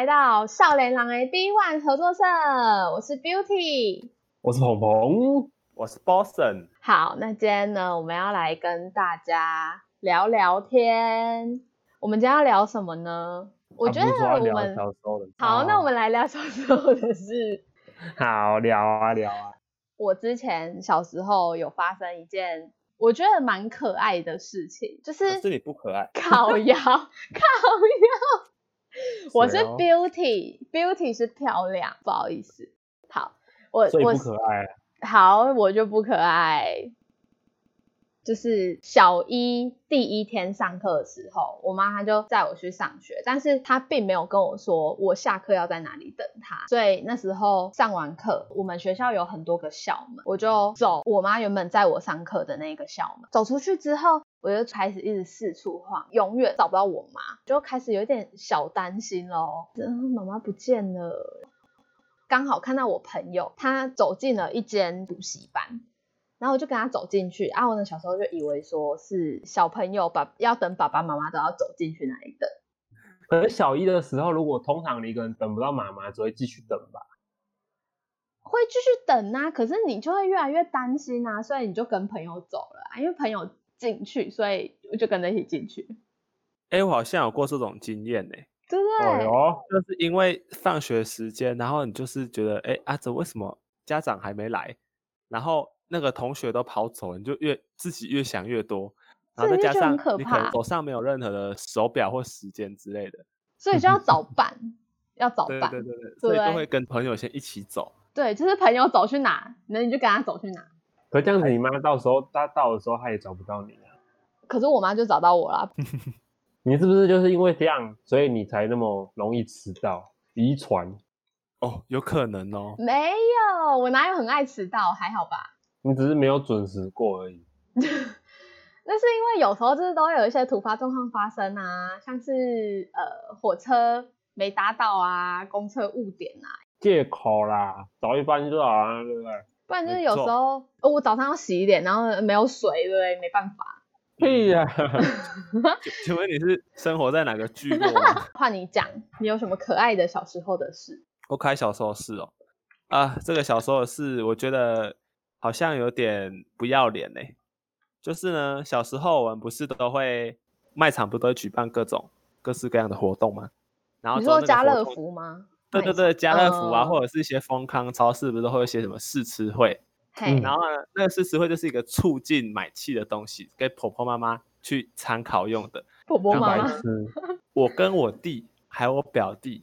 來到少年郎 A B One 合作社，我是 Beauty，我是芃芃，我是 Boson。好，那今天呢，我們要來跟大家聊聊天。我們今天要聊什麼呢？啊、我覺得我們小時候的好，好啊、那我們來聊小時候的事。好聊啊聊啊！我之前小時候有發生一件我覺得蠻可愛的事情，就是這裡不可愛，烤窑烤窑。 我是 Beauty，Beauty 是哦、是漂亮，不好意思。好，我可愛，我好，我就不可愛。就是小一第一天上課的時候，我媽她就載我去上學，但是她並沒有跟我說我下課要在哪裡等她。所以那時候上完課，我們學校有很多個校門，我就走，我媽原本載我上課的那個校門，走出去之後。我就開始一直四處晃，永遠找不到我媽，就開始有點小擔心嘍。嗯，媽媽不見了，剛好看到我朋友，他走進了一間補習班，然後我就跟他走進去。啊，我的小時候就以為說是小朋友把，把要等爸爸媽媽都要走進去那一等。可能小一的時候，如果通常你一個人等不到媽媽，只會繼續等吧？會繼續等啊，可是你就會越來越擔心啊，所以你就跟朋友走了啊，因為朋友。進去，所以我就跟着一起進去。哎、欸，我好像有過這種經驗呢、欸，對不對、哦？就是因為放學時間，然後你就是覺得，哎、欸，阿、啊、澤為什麼家長還沒來？然後那個同學都跑走了，你就越自己越想越多。然後再加上你很可怕，可能手上沒有任何的手表或時間之類的，所以就要找伴， 要找伴。對，對對對，對，所以就會跟朋友先一起走。對，就是朋友走去哪，那你就跟他走去哪。可這樣子，你媽到時候她到的時候，她也找不到你啊。可是我媽就找到我了。 你是不是就是因為這樣，所以你才那麼容易遲到？遺傳？哦，有可能哦。沒有，我哪有很愛遲到？還好吧。你只是沒有準時過而已。 那是因為有時候就是都會有一些突發狀況發生啊，像是呃火車沒搭到啊，公車誤點啊。借口啦，早一班就好啊，對不對？不然就是有時候錯、哦、我早上要洗臉，然後沒有水，對,不對，沒辦法。對呀、啊， 請問你是生活在哪個聚落？換 你講，你有什麼可愛的小時候的事？我開小時候的事哦，啊，這個小時候的事，我覺得好像有點不要臉呢、欸。就是呢，小時候我們不是都會賣場不都會舉辦各種各式各樣的活動嗎？然後做你說家樂福嗎？對對對，家樂福啊，或者是一些豐康超市，不是會有些什麼試吃會？對。然後呢，那個試吃會就是一個促進買氣的東西，給婆婆媽媽去參考用的。婆婆媽媽。我跟我弟還有我表弟，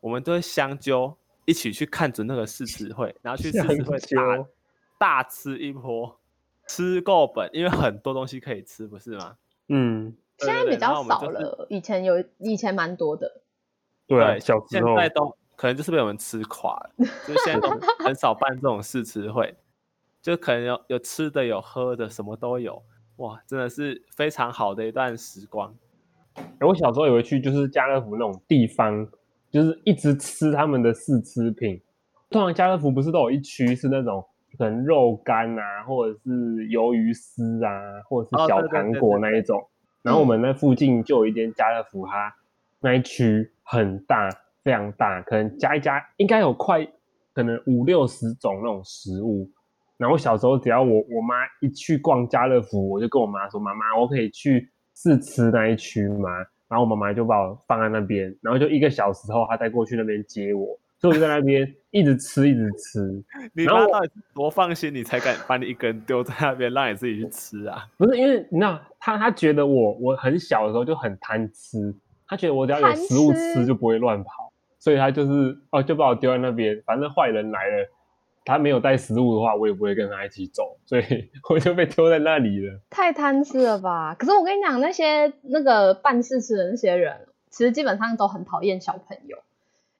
我們都會相揪，一起去看準那個試吃會，然後去試吃會大，大吃一波，吃夠本，因為很多東西可以吃，不是嗎？嗯。現在比較少了，以前有，以前蠻多的。對，小時候可能就是被我們吃垮了，就是現在都很少辦這種試吃會， 就可能有有吃的有喝的，什麼都有，哇，真的是非常好的一段時光。欸、我小時候有一去，就是家樂福那種地方，就是一直吃他們的試吃品。通常家樂福不是都有一區是那種可能肉乾啊，或者是魷魚絲啊，或者是小糖果那一種。哦、對對對對。然後我們那附近就有一間家樂福它，那一區很大。非常大，可能加一加應該有快可能五六十種那種食物。然後小時候只要我我媽一去逛家樂福，我就跟我媽說：“媽媽，我可以去試吃那一區嗎？”然後我媽媽就把我放在那邊，然後就一個小時後她再過去那邊接我，所以我就在那邊一直吃一直吃。 然後你媽到底多放心你才敢把你一個人丟在那邊 讓你自己去吃啊？不是，因為你知道，他他覺得我我很小的時候就很貪吃，他覺得我只要有食物吃就不會亂跑。所以他就是哦，就把我丟在那邊。反正壞人來了，他沒有帶食物的話，我也不會跟他一起走。所以我就被丟在那裡了。太貪吃了吧？可是我跟你講，那些那個辦試吃的那些人，其實基本上都很討厭小朋友，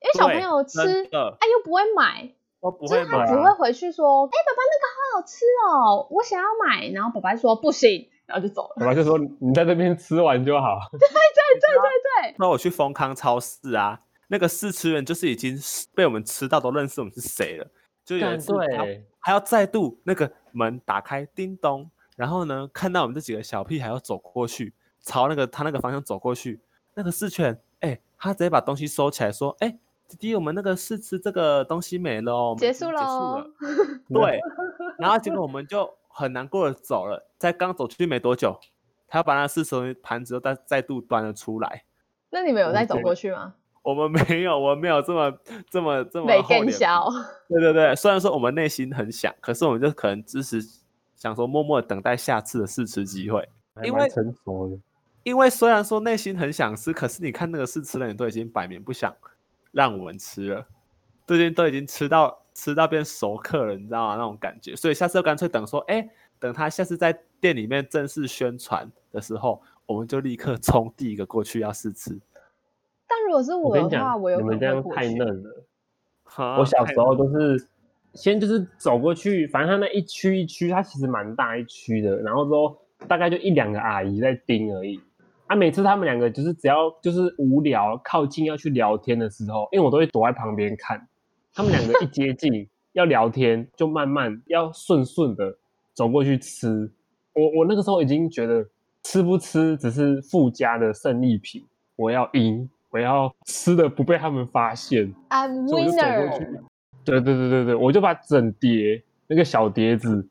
因為小朋友吃哎、啊、又不會買，我不會買啊、就是他只會回去說：“哎、欸，爸爸那個好好吃哦，我想要買。”然後爸爸說：“不行。”然後就走了。爸爸就說：“你在這邊吃完就好。”對對對對對。 那我去豐康超市啊。那個試吃員就是已經被我們吃到都認識我們是誰了，但對 就有人他還要再度那個門打開叮咚，然後呢，看到我們這幾個小屁孩要走過去，朝那個他那個方向走過去，那個試吃員，哎、欸，他直接把東西收起來說哎、欸，弟弟我們那個試吃這個東西沒了，哦，結束了，結束了，對， 然後結果我們就很難過的走了，在剛走出去沒多久，他要把那個試吃盤子再再度端了出來，那你們有再走過去嗎？我們沒有，我們沒有這麼這麼這麼沒敢笑。對對對，雖然說我們內心很想，可是我們就可能支持想說默默等待下次的試吃機會。因為因為雖然說內心很想吃，可是你看那個試吃人也都已經擺明不想讓我們吃了，最近都已經吃到吃到變熟客了，你知道嗎？那種感覺，所以下次就乾脆等說，哎，等他下次在店裡面正式宣傳的時候，我們就立刻衝第一個過去要試吃。但如果是我的話，我，我有可能會你們這樣太嫩了。啊、我小時候都、就是嫩先就是走過去，反正他那一區一區，他其實蠻大一區的，然後都大概就一兩個阿姨在盯而已。啊，每次他們兩個就是只要就是無聊靠近要去聊天的時候，因為我都會躲在旁邊看，他們兩個一接近 要聊天，就慢慢要順順的走過去吃。我我那個時候已經覺得吃不吃只是附加的勝利品，我要贏。我要吃的不被他們發現，啊、我就走過去。啊、對對對對對，我就把整碟那個小碟子，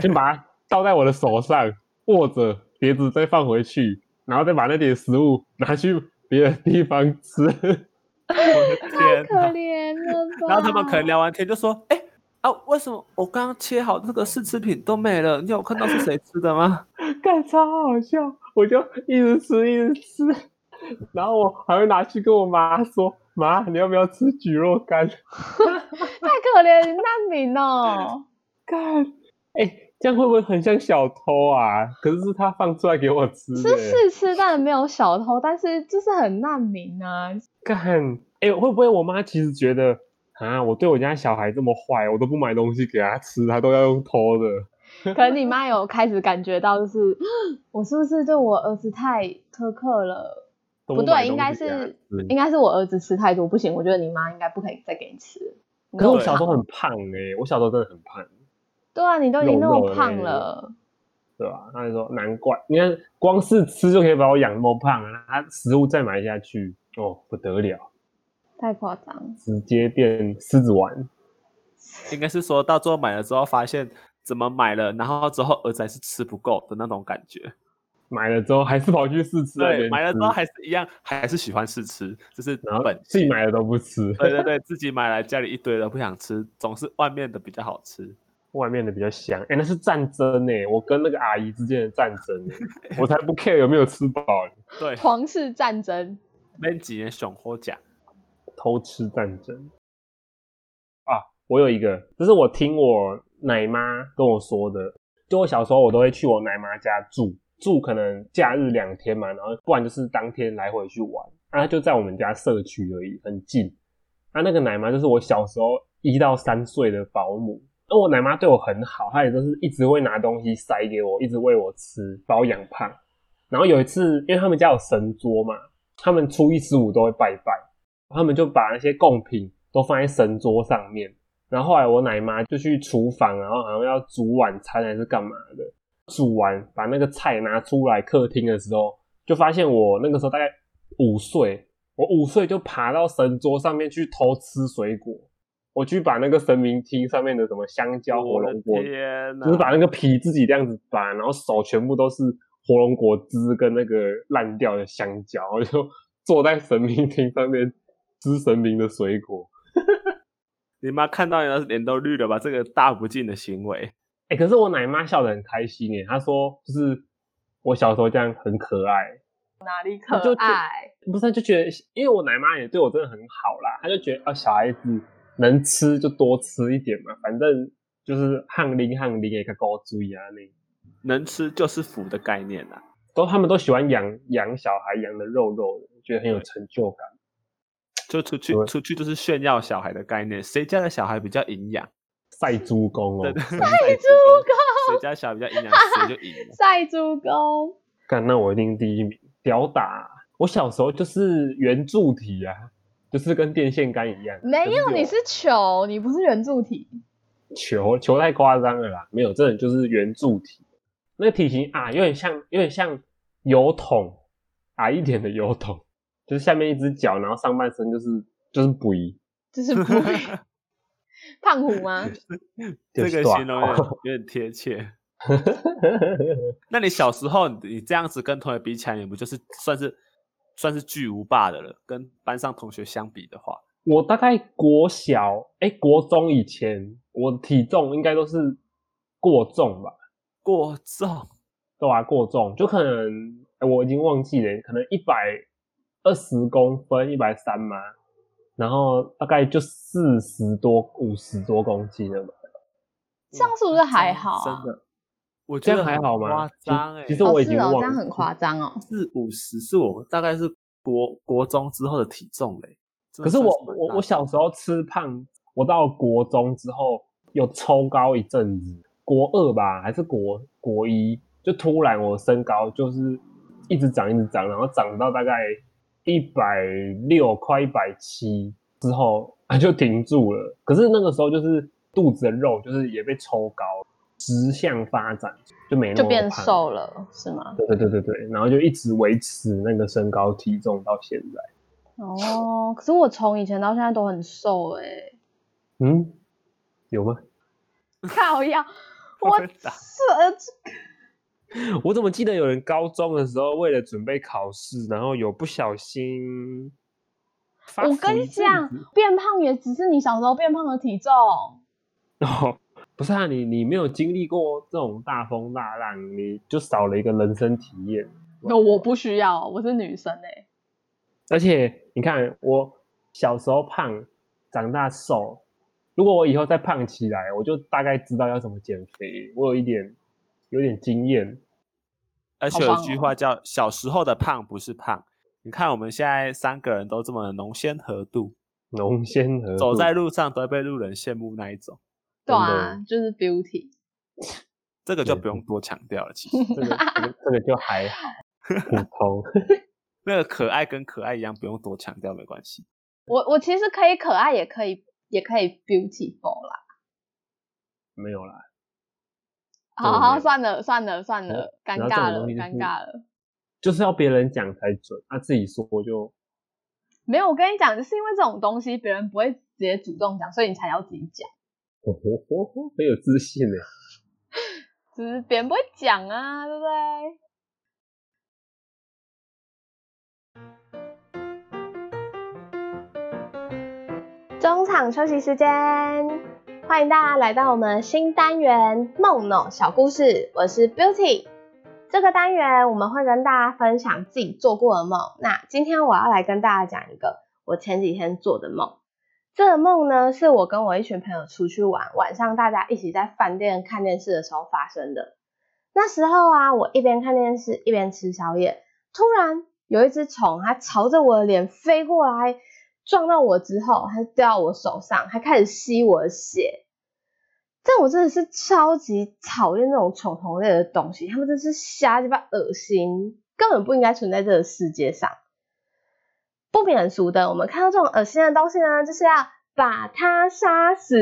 先把它倒在我的手上，握着碟子再放回去，然後再把那點食物拿去別的地方吃。 我的天、啊，可憐了吧。然後他們可能聊完天就說：“哎、欸、啊，為什麼我剛剛切好這個試吃品都沒了？你有看到是誰吃的嗎？”幹超好笑，我就一直吃，一直吃。然後我還會拿去跟我媽說：“媽，你要不要吃蒟蒻乾？” 太可憐你難民哦！ 幹，哎、欸，這樣會不會很像小偷啊？可是，是他放出來給我吃，欸，是吃是是，但沒有小偷，但是就是很難民啊。幹，哎、欸，會不會我媽其實覺得啊，我對我家小孩這麼壞，我都不買東西給他吃，他都要用偷的？ 可能你媽有開始感覺到，就是我是不是對我兒子太苛刻了？啊、不對，應該是、嗯、應該是我兒子吃太多不行，我覺得你媽應該不可以再給你吃。你可是我小時候很胖哎、欸，我小時候真的很胖。對啊，你都已經那麼胖了，對吧、啊？他就說，難怪，你看光是吃就可以把我養那麼胖，他食物再買下去哦，不得了，太誇張，直接變獅子丸。應該是說到最後買了之後，發現怎麼買了，然後之後兒子還是吃不夠的那種感覺。買了之後還是跑去試吃、吃。對，買了之後還是一樣，還是喜歡試吃，就是拿本自己買的都不吃。對對對，自己買來家裡一堆都不想吃， 總是外面的比較好吃，外面的比較香。誒、欸、那是戰爭誒、欸、我跟那個阿姨之間的戰爭， 我才不 care 有沒有吃飽、欸。 對，皇室戰爭。那幾年選或假？偷吃戰爭。啊，我有一個，這是我聽我奶媽跟我說的，就我小時候我都會去我奶媽家住。住可能假日兩天嘛，然後不然就是當天來回去玩，那、啊、就在我們家社區而已，很近。啊那個奶媽就是我小時候一到三歲的保姆，那我奶媽對我很好，她也就是一直會拿東西塞給我，一直餵我吃，把我養胖。然後有一次，因為他們家有神桌嘛，他們初一十五都會拜拜，他們就把那些供品都放在神桌上面。然後後來我奶媽就去廚房，然後好像要煮晚餐還是幹嘛的。煮完把那個菜拿出來客廳的時候，就發現我那個時候大概五歲，我五歲就爬到神桌上面去偷吃水果。我去把那個神明廳上面的什麼香蕉火龍果，我的天啊，就是把那個皮自己這樣子掰，然後手全部都是火龍果汁跟那個爛掉的香蕉，就坐在神明廳上面吃神明的水果。 你媽看到你那是臉都綠了吧？這個大不敬的行為！欸、可是我奶媽笑得很開心呢。她說：“就是我小時候這樣很可愛，哪裡可愛？她就就不是，她就覺得因為我奶媽也對我真的很好啦。她就覺得啊、哦，小孩子能吃就多吃一點嘛，反正就是汗淋汗淋給他搞追啊，你能吃就是福的概念啦、啊。都他們都喜歡養養小孩養的肉肉的，覺得很有成就感。就出去是不是出去就是炫耀小孩的概念，誰家的小孩比較營養？”賽豬公哦，賽豬公，誰家小比較營養，誰 就贏。賽豬公，幹，那我一定第一名。屌打，我小時候就是圓柱體啊，就是跟電線桿一樣。沒有，是你是球，你不是圓柱體。球球太誇張了啦，沒有，這種就是圓柱體。那個體型啊，有點像，有點像油桶，矮、啊、一點的油桶，就是下面一隻腳，然後上半身就是就是不就是不 胖虎嗎？ 這個形容有點貼 切。 那你小時候你，你這樣子跟同學比起來，你不就是算是算是巨無霸的了？跟班上同學相比的話，我大概國小誒、欸、國中以前我體重應該都是過重吧？過重對啊，過重就可能、欸、我已經忘記了，可能一百二十公分，一百三嗎？然後大概就四十多、五十多公斤了吧，這樣是不是還好、啊？真的，我覺得、欸、這樣還好嗎？誇張！其實我已經忘了，哦哦、很誇張哦。四五十是我大概是國國中之後的體重嘞、欸。可是我我我小時候吃胖，我到國中之後又抽高一陣子，國二吧還是國國一，就突然我身高就是一直長一直長，然後長到大概。一百六快一百七之後啊就停住了，可是那個時候就是肚子的肉就是也被抽高了，直向發展就沒那麼就變瘦了是嗎？對對對對然後就一直維持那個身高體重到現在。哦，可是我從以前到現在都很瘦哎、欸。嗯，有嗎？靠呀謠！ 我 我怎麼記得有人高中的時候為了準備考試，然後有不小心。我跟你講，變胖也只是你小時候變胖的體重。哦，不是啊，你你沒有經歷過這種大風大浪，你就少了一個人生體驗。那我不需要，我是女生哎、欸。而且你看，我小時候胖，長大瘦。如果我以後再胖起來，我就大概知道要怎麼減肥。我有一點。有點經驗，而且有一句話叫“哦、小時候的胖不是胖”。你看我們現在三個人都這麼穠纖合度，穠纖合走在路上都會被路人羨慕那一種。對啊，就是 Beauty，這個就不用多強調了。對其實這個 這個就還好， 那個可愛跟可愛一樣，不用多強調，沒關係。我我其實可以可愛也可以，也可以也可以 beautiful 啦。沒有啦。好好算了算了算了，尷尬了，了、哦、尷尬了，就是要別人講才準，他、啊、自己說我就，沒有我跟你講，就是因為這種東西別人不會直接主動講，所以你才要自己講。很、哦哦哦、有自信呢、啊，只是別人不會講啊，對不對？中場休息時間。歡迎大家來到我們新單元夢夢小故事，我是 Beauty。這個單元我們會跟大家分享自己做過的夢，那今天我要來跟大家講一個我前幾天做的夢。這個夢呢，是我跟我一群朋友出去玩，晚上大家一起在飯店看電視的時候發生的。那時候啊，我一邊看電視一邊吃宵夜，突然有一只蟲，它朝着我的臉飛過來。撞到我之後，還掉到我手上，還開始吸我的血。但我真的是超級討厭那種蟲蟲類的東西，他們真的是瞎雞巴噁心，根本不應該存在這個世界上。不免俗的，我們看到這種噁心的東西呢，就是要把它殺死。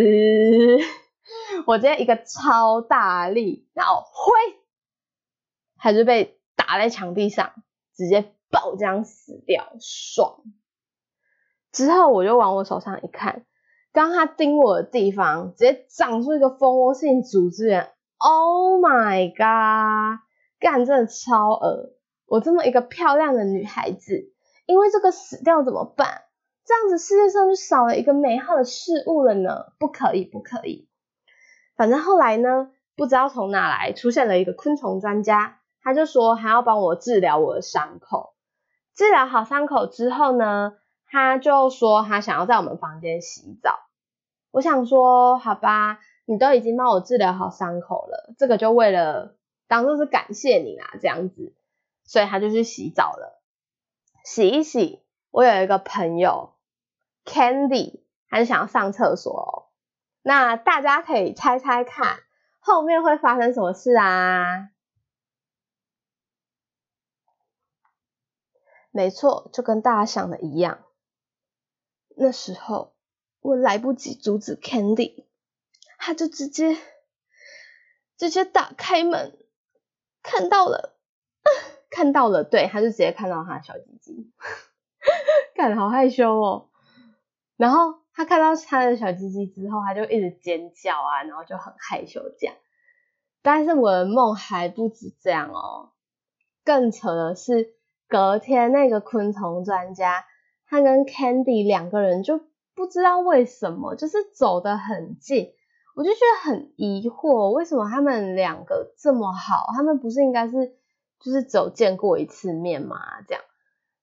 我直接一個超大力，然後揮，它就被打在牆壁上，直接爆漿死掉，爽！之後我就往我手上一看，剛剛他叮我的地方直接長出一個蜂窩性組織炎 Oh my God，幹，這超惡！我這麼一個漂亮的女孩子，因為這個死掉怎麼辦？這樣子世界上就少了一個美好的事物了呢？不可以，不可以！反正後來呢，不知道從哪來出現了一個昆蟲專家，他就說還要幫我治療我的傷口，治療好傷口之後呢，他就說他想要在我們房間洗澡，我想說好吧，你都已經幫我治療好傷口了，這個就為了當做是感謝你啦、啊，這樣子，所以他就去洗澡了，洗一洗。我有一個朋友 Candy，他就想要上廁所、哦，那大家可以猜猜看後面會發生什麼事啊？沒錯，就跟大家想的一樣。那時候我來不及阻止 Candy，他就直接直接打開門，看到了，看到了，對，他就直接看到他小雞雞，看好害羞哦。然後他看到他的小雞雞之後，他就一直尖叫啊，然後就很害羞這樣。但是我的夢還不止這樣哦，更扯的是隔天那個昆蟲專家。他跟 Candy 兩個人就不知道為什麼，就是走得很近，我就覺得很疑惑，為什麼他們兩個這麼好？他們不是應該是就是只有見過一次面嘛？這樣，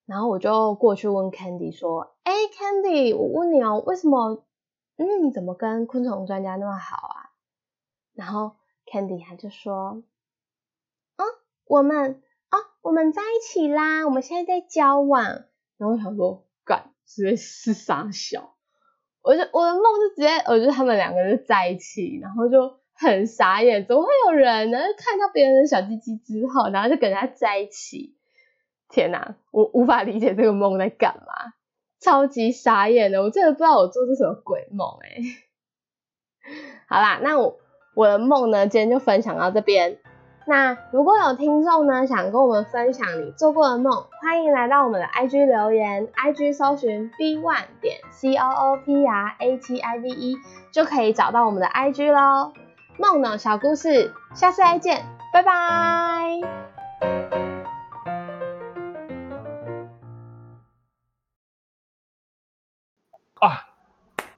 然後我就過去問 Candy 說：“誒，Candy，我問你哦，為什麼，嗯，你怎麼跟昆蟲專家那麼好啊？”然後 Candy 他就說：“啊、哦，我們哦，我們在一起啦，我們現在在交往。”然後我想說。感覺是傻笑，我就我的夢就直接，我覺得他們兩個就在一起，然後就很傻眼，怎麼會有人呢？看到別人的小雞雞之後，然後就跟他在一起，天吶，我無法理解這個夢在幹嘛，超級傻眼的，我真的不知道我做是什麼鬼夢，哎，好啦，那我我的夢呢，今天就分享到這邊。那如果有聽眾呢想跟我們分享你做過的夢，歡迎來到我們的 IG 留言，IG 搜尋 b1 點 c o o p r a t i v e 就可以找到我們的 IG 嘍。夢呢小故事，下次再見，拜拜。啊，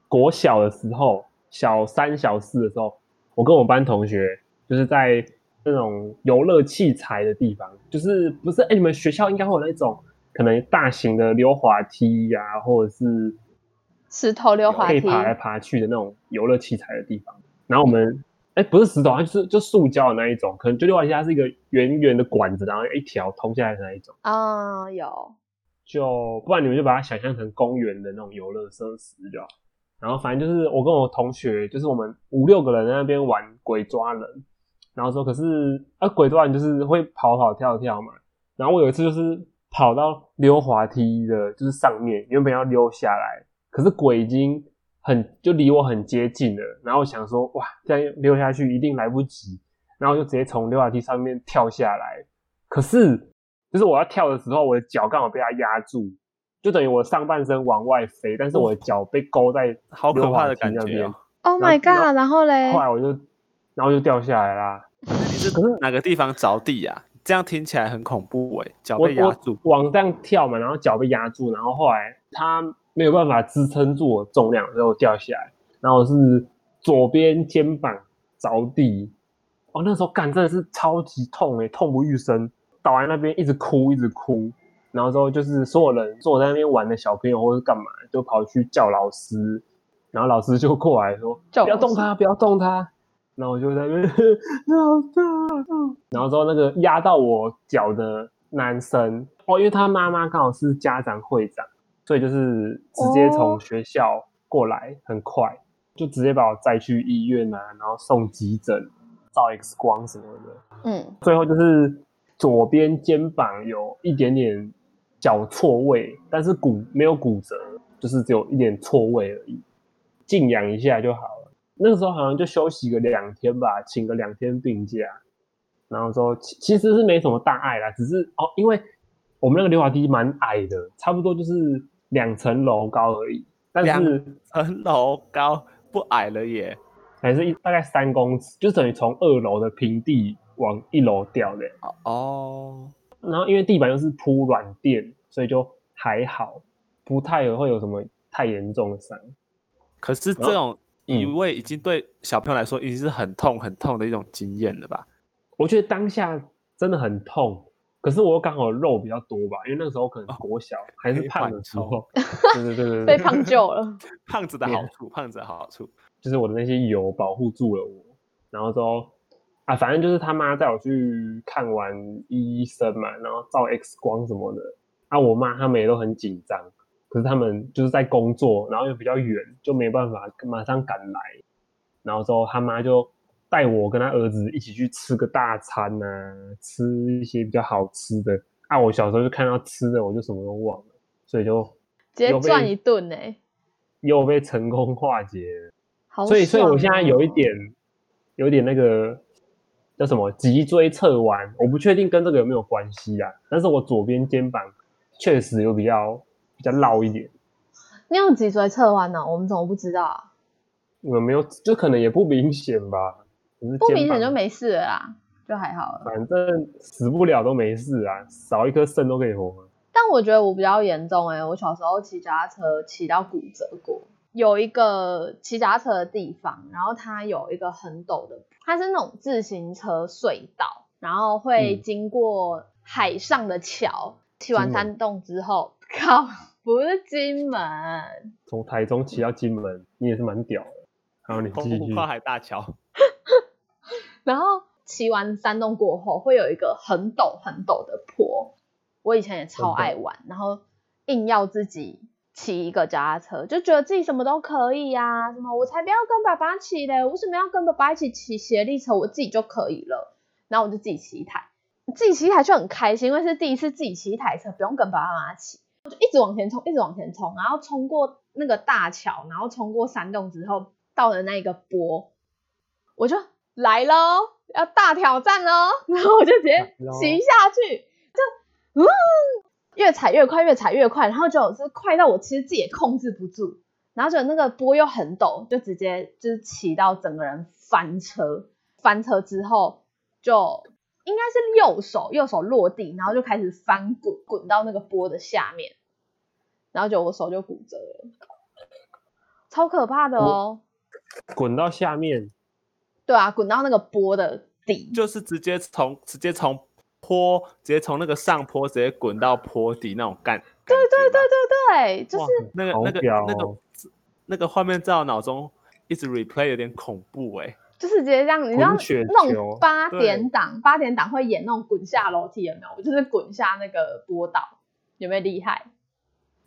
國小的時候，小三小四的時候，我跟我班同學就是在。那種遊樂器材的地方，就是不是？哎、欸，你們學校應該會有那種可能大型的溜滑梯呀、啊，或者是石頭溜滑梯，可以爬來爬去的那種遊樂器材的地方。然後我們，哎、欸，不是石頭，就是就塑膠的那一種，可能就溜滑梯它是一個圓圓的管子，然後一條通下來的那一種啊，uh, 有。就，不然你們就把它想象成公園的那種遊樂設施，就好。然後反正就是我跟我同學，就是我們五六個人在那邊玩鬼抓人。然後說，可是啊，鬼突然就是會跑跑跳跳嘛。然後我有一次就是跑到溜滑梯的，就是上面原本要溜下來，可是鬼已經很就離我很接近了。然後我想說，哇，這樣溜下去一定來不及，然後就直接從溜滑梯上面跳下來。可是就是我要跳的時候，我的腳剛好被它壓住，就等於我上半身往外飛，但是我的腳被勾在好可怕的感覺。Oh my god！然後嘞，後來我就，然後就掉下來啦。可是哪個地方着地啊？這樣聽起來很恐怖欸，腳被壓住，往上跳嘛，然後腳被壓住，然後後來他沒有辦法支撐住我重量，然後掉下來，然後是左邊肩膀着地，哦。那時候幹真的是超級痛欸，痛不欲生，倒在那邊一直哭一直哭，然後之後就是所有人，坐在那邊玩的小朋友或者幹嘛，就跑去叫老師，然後老師就過來說，叫不要動他，不要動他。然後我就在那邊，好大啊！然後之後那個壓到我腳的男生，哦，因為他媽媽剛好是家長會長，所以就是直接從學校過來，很快、哦、就直接把我載去醫院啊，然後送急診，照 X 光什麼的。嗯，最後就是左邊肩膀有一點點小錯位，但是骨沒有骨折，就是只有一點錯位而已，靜養一下就好。那個時候好像就休息個兩天吧，請個兩天病假，然後說其其實是沒什麼大礙啦，只是哦，因為我們那個溜滑梯蠻矮的，差不多就是兩層樓高而已。但是兩層樓高不矮了耶，還是一大概三公尺，就等於從二樓的平地往一樓掉的。哦，然後因為地板又是鋪軟墊，所以就還好，不太會有什麼太嚴重的傷。可是這種。以為、嗯、已經對小朋友來說已經是很痛很痛的一種經驗了吧？我覺得當下真的很痛，可是我剛好肉比較多吧，因為那時候我可能國小還是胖的時候，哦、 對對對對，被胖救了。 胖子的好處，Yeah. 胖子的好，好處就是我的那些油保護住了我，然後說啊，反正就是他媽帶我去看完醫生嘛，然後照 X 光什麼的，啊，我媽他們也都很緊張。可是他們就是在工作，然後又比較遠，就沒辦法馬上趕來。然後之後他媽就帶我跟他兒子一起去吃個大餐吶、啊，吃一些比較好吃的。啊，我小時候就看到吃的，我就什麼都忘了，所以就直接轉一頓呢。又被成功化解了。好哦、所以，所以我現在有一點，有一點那個叫什麼脊椎側彎，我不確定跟這個有沒有關係啊。但是我左邊肩膀確實有比較。比較老一點，你有脊椎側彎呢？我們怎麼不知道啊？我沒有，這可能也不明顯吧？不明顯就沒事啊，就還好了。反正死不了都沒事啊，少一顆腎都可以活了。但我覺得我比較嚴重哎、欸，我小時候騎腳踏車騎到骨折過，有一個騎腳踏車的地方，然後它有一個很陡的，它是那種自行車隧道，然後會經過海上的橋，騎、嗯、完山洞之後美靠。不是金門，從台中騎到金門，你也是蠻屌的。然後你去，紅跨海大橋。然後騎完山洞過後，會有一個很陡很陡的坡。我以前也超愛玩，然後硬要自己騎一個腳踏車，就覺得自己什麼都可以呀，啊，什麼我才不要跟爸爸騎嘞，我為什麼要跟爸爸一起騎協力車，我自己就可以了。然後我就自己騎一台，自己騎一台就很開心，因為是第一次自己騎一台車，不用跟爸爸媽媽騎。我就一直往前衝，一直往前衝，然後衝過那個大橋，然後衝過山洞之後，到了那一個坡，我就來咯，要大挑戰咯，然後我就直接騎下去，咯就、嗯，越踩越快，越踩越快，然後就是快到我其實自己也控制不住，然後就那個坡又很陡，就直接就是騎到整個人翻車，翻車之後就。應該是右手，右手落地，然後就開始翻滾，滾到那個坡的下面，然後就我手就骨折了，超可怕的哦！滾到下面，對啊，滾到那個坡的底，就是直接從直接從坡，直接從那個上坡直接滾到坡底那種感，對對對對對，哇就是那個那個那個那個畫面在我腦中一直 replay，有點恐怖哎、欸。就是直接這樣，你知道那種八點檔，對八點檔會演那種滾下樓梯有沒有？我對就是滾下那個坡道，有沒有厲害？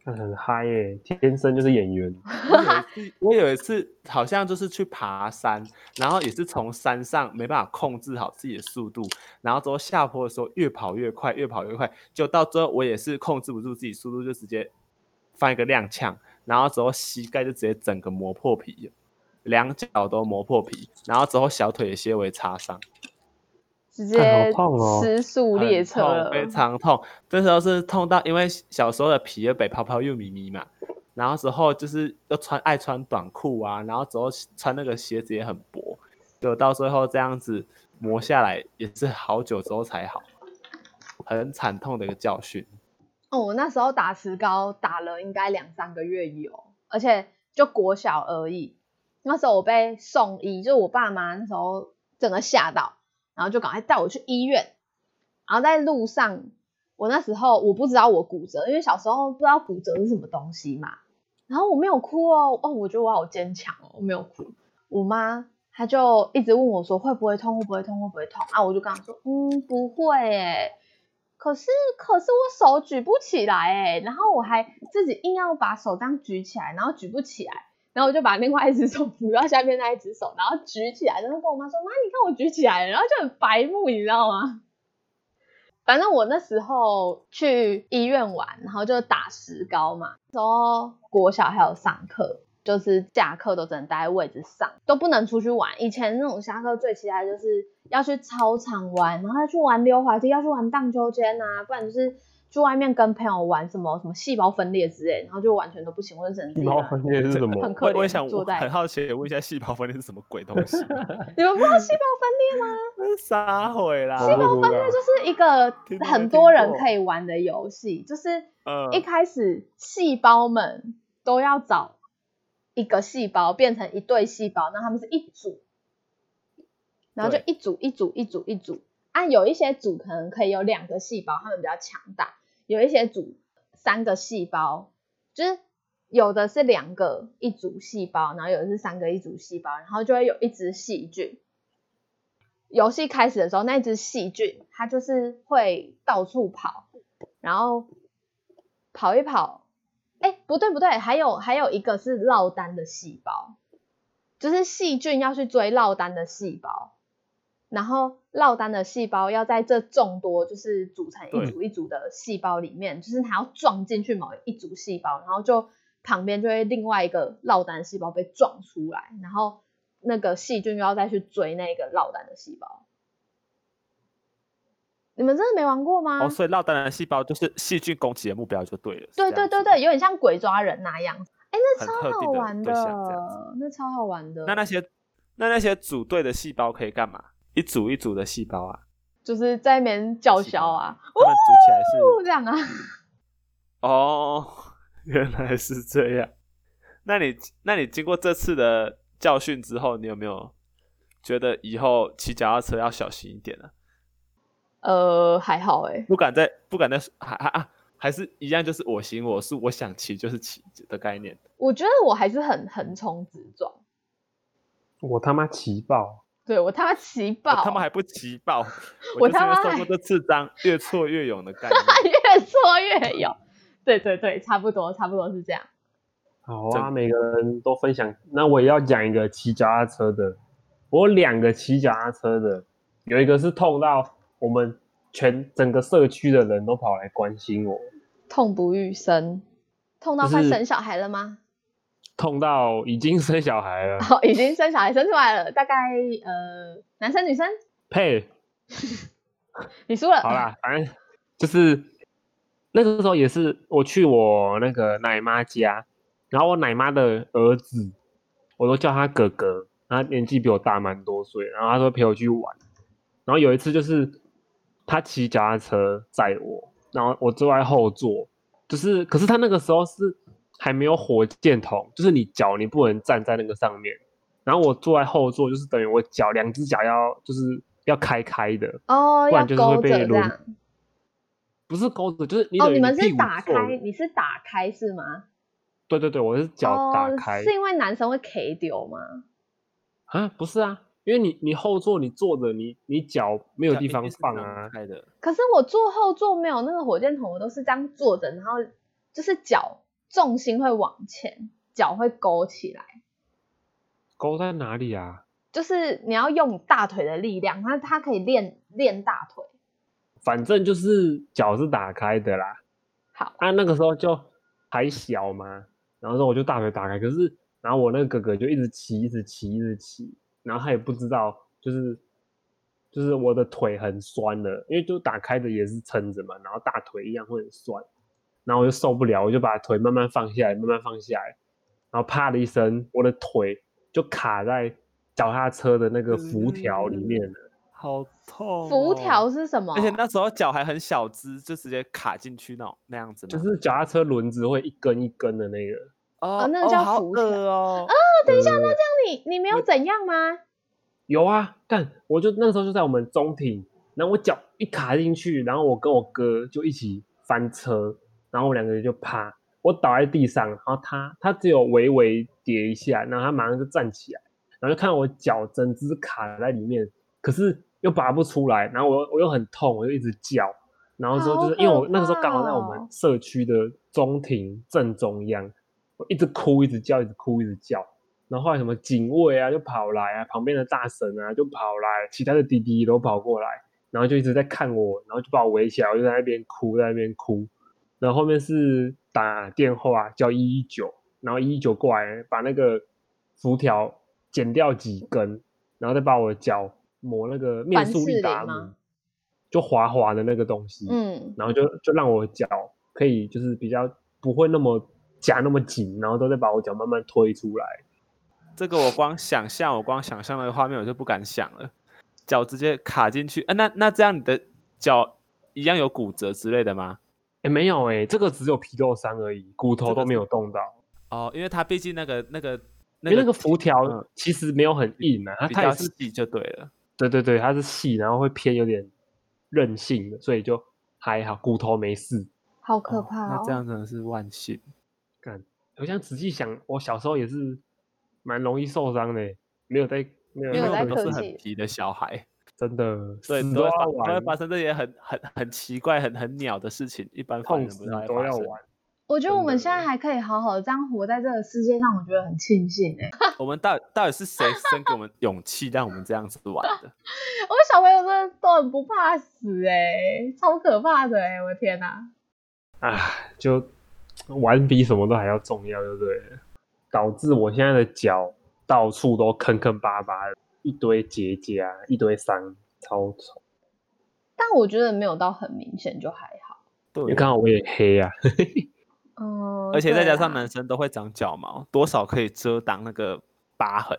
很嗨耶、欸！天生就是演員。 我有一次，我有一次好像就是去爬山，然後也是從山上沒辦法控制好自己的速度，然後走下坡的時候越跑越快，越跑越快，就到最後我也是控制不住自己速度，就直接翻一個踉蹌，然後走，膝蓋就直接整個磨破皮兩腳都磨破皮，然後之後小腿也些微擦傷，直接失速列車，哎哦，非常痛。這時候是痛到，因為小時候的皮又白泡泡又咪咪嘛，然後之後就是又穿愛穿短褲啊，然後之後穿那個鞋子也很薄，就到最後這樣子磨下來也是好久之後才好，很慘痛的一個教訓。哦，我那時候打石膏打了應該兩三個月有，而且就國小而已。那時候我被送醫，就是我爸媽那時候整個嚇到，然後就趕快帶我去醫院。然後在路上，我那時候我不知道我骨折，因為小時候不知道骨折是什麼東西嘛。然後我沒有哭哦，哦，我覺得我好堅強哦，我沒有哭。我媽她就一直問我說會不會痛，會不會痛，會不會痛啊？我就跟她說，嗯，不會誒。可是，可是我手舉不起來誒，然後我還自己硬要把手這樣舉起來，然後舉不起來。然後我就把另外一隻手扶到下面，那一隻手，然後舉起來，然後跟我媽說：“媽，你看我舉起來了。”然後就很白目，你知道嗎？反正我那時候去醫院玩，然後就打石膏嘛。那時候國小還有上課，就是下課都只能待在位置上，都不能出去玩。以前那種下課最期待的就是要去操場玩，然後要去玩溜滑梯，要去玩盪秋千啊，不然就是。去外面跟朋友玩什麼什麼細胞分裂之類，然後就完全都不行，我就整病了。很可憐，住想很好奇，也問一下細胞分裂是什麼鬼東西？ 你們不知道細胞分裂嗎？撒謊啦！細胞分裂就是一個很多人可以玩的遊戲，就是一開始細胞們都要找一個細胞變成一對細胞，那他們是一組，對然後就一組一組一組一組，啊，有一些組可能可以有兩個細胞，他們比較強大。有一些組三個細胞，就是有的是兩個一組細胞，然後有的是三個一組細胞，然後就會有一隻細菌。遊戲開始的時候，那隻細菌它就是會到處跑，然後跑一跑，哎，不對不對，還有還有一個是落單的細胞，就是細菌要去追落單的細胞。然後落單的細胞要在這眾多，就是組成一組一組的細胞裡面，對就是它要撞進去某一組細胞，然後就旁邊就會另外一個落單細胞被撞出來，然後那個細菌又要再去追那個落單的細胞。你們真的沒玩過嗎？哦，所以落單的細胞就是細菌攻擊的目標就對了。對對對對，有點像鬼抓人那樣。哎，那超好玩的，的嗯、那超好玩的。那那些那那些組隊的細胞可以幹嘛？一組一組的細胞啊，就是在面叫囂啊，他們組起來是這樣啊， 哦，原來是這樣。那你，那你經過這次的教訓之後，你有沒有覺得以後騎腳踏車要小心一點呢？啊？呃，還好誒、欸、不敢再，不敢再，啊，啊啊還是一樣，就是我行我素，是我想騎就是騎的概念。我覺得我還是很橫衝直撞，我他媽騎爆。對我，他媽騎爆，他們還不騎爆， 我他媽受過多次傷，越挫越勇的感覺 越挫越勇，對對對，差不多差不多是這樣。好啊，每個人都分享，那我也要講一個騎腳踏車的，我兩個騎腳踏車的，有一個是痛到我們全整個社區的人都跑來關心我，痛不欲生，痛到快生小孩了嗎？就是痛到已經生小孩了，好，oh, 已經生小孩生出來了，大概呃，男生女生配，Hey. 你輸了。好啦，嗯、反正就是那個時候也是我去我那個奶媽家，然後我奶媽的兒子，我都叫他哥哥，他年紀比我大蠻多歲，然後他說陪我去玩，然後有一次就是他騎腳踏車載我，然後我坐在後座，就是可是他那個時候是。還沒有火箭筒，就是你腳你不能站在那個上面。然後我坐在後座，就是等於我腳兩隻腳要就是要開開的哦，不然就是會被這樣，不是勾着，就是你哦，你們是打開，你是打開是嗎？對對對，我是腳打開。哦，是因為男生會 K 丟嗎？啊，不是啊，因為你你後座你坐着，你你腳沒有地方放啊開的。可是我坐後座沒有那個火箭筒，我都是這樣坐着，然後就是腳。重心會往前，腳會勾起來。勾在哪裡啊？就是你要用你大腿的力量，它它可以練練大腿。反正就是腳是打開的啦。好，那、啊、那個時候就還小嘛，然後說我就大腿打開，可是然後我那個哥哥就一直騎，一直騎，一直騎，然後他也不知道，就是就是我的腿很酸的，因為就打開的也是撐着嘛，然後大腿一樣會很酸。然後我就受不了，我就把腿慢慢放下來，慢慢放下來，然後啪的一聲，我的腿就卡在腳踏車的那個輻條裡面了，嗯、好痛、哦！輻條是什麼？而且那時候腳還很小只，就直接卡進去那種那樣子，就是腳踏車輪子會一根一根的那個哦，哦，那個叫輻條好噁哦。啊、哦，等一下，那這樣你你沒有怎樣嗎？嗯、有啊，但我就那時候就在我們中庭，然後我腳一卡進去，然後我跟我哥就一起翻車。然後我兩個人就趴，我倒在地上，然後他他只有微微跌一下，然後他馬上就站起來，然後就看到我腳整隻卡在裡面，可是又拔不出來，然後我又我又很痛，我就一直叫，然後說就是因為我那個時候剛好在我們社區的中庭正中央，我一直哭一直叫，一直哭一直叫，然後後來什麼警衛啊就跑來啊，旁邊的大嬸啊就跑來，其他的弟弟都跑過來，然後就一直在看我，然後就把我圍起來，我就在那邊哭，在那邊哭。然後後面是打電話叫一一九，然後一一九過來把那個輻條剪掉幾根，然後再把我的腳磨那個面速力達姆就滑滑的那個東西，嗯，然後就就讓我的腳可以就是比較不會那麼夾那麼緊，然後都在把我腳慢慢推出來。這個我光想象，我光想象那個畫面我就不敢想了，腳直接卡進去，啊，那那這樣你的腳一樣有骨折之類的嗎？也、欸、沒有欸，這個只有皮肉傷而已，骨頭都沒有動到。哦，因為他畢竟那個那個那個那個輻條其實沒有很硬啊，它、嗯、比較細就對了。對對對，它是細，然後會偏有點韌性的，所以就還好，骨頭沒事。好可怕、哦哦、那這樣真的是萬幸。看，我想仔細想，我小時候也是蠻容易受傷的、欸，沒有在沒有在,沒有在都是很皮的小孩。真的，所以對都，都會發都會發生這些很很很奇怪、很很鳥的事情。一般放什麼都要玩，我覺得我們現在還可以好好的這樣活在這個世界上，我覺得很慶幸哎。對 我們到底到底是誰生給我們勇氣，讓我們這樣子玩的？ 我們小朋友真的都很不怕死哎、欸，超可怕的哎、欸！我的天哪！哎、啊，就玩比什麼都還要重要，就對了。導致我現在的腳到處都坑坑巴巴的。一堆結痂，一堆傷，超醜。但我覺得沒有到很明顯，就還好。對，剛好我也黑呀、啊。 嗯、而且再加上男生都會長腳毛，啊、多少可以遮擋那個疤痕、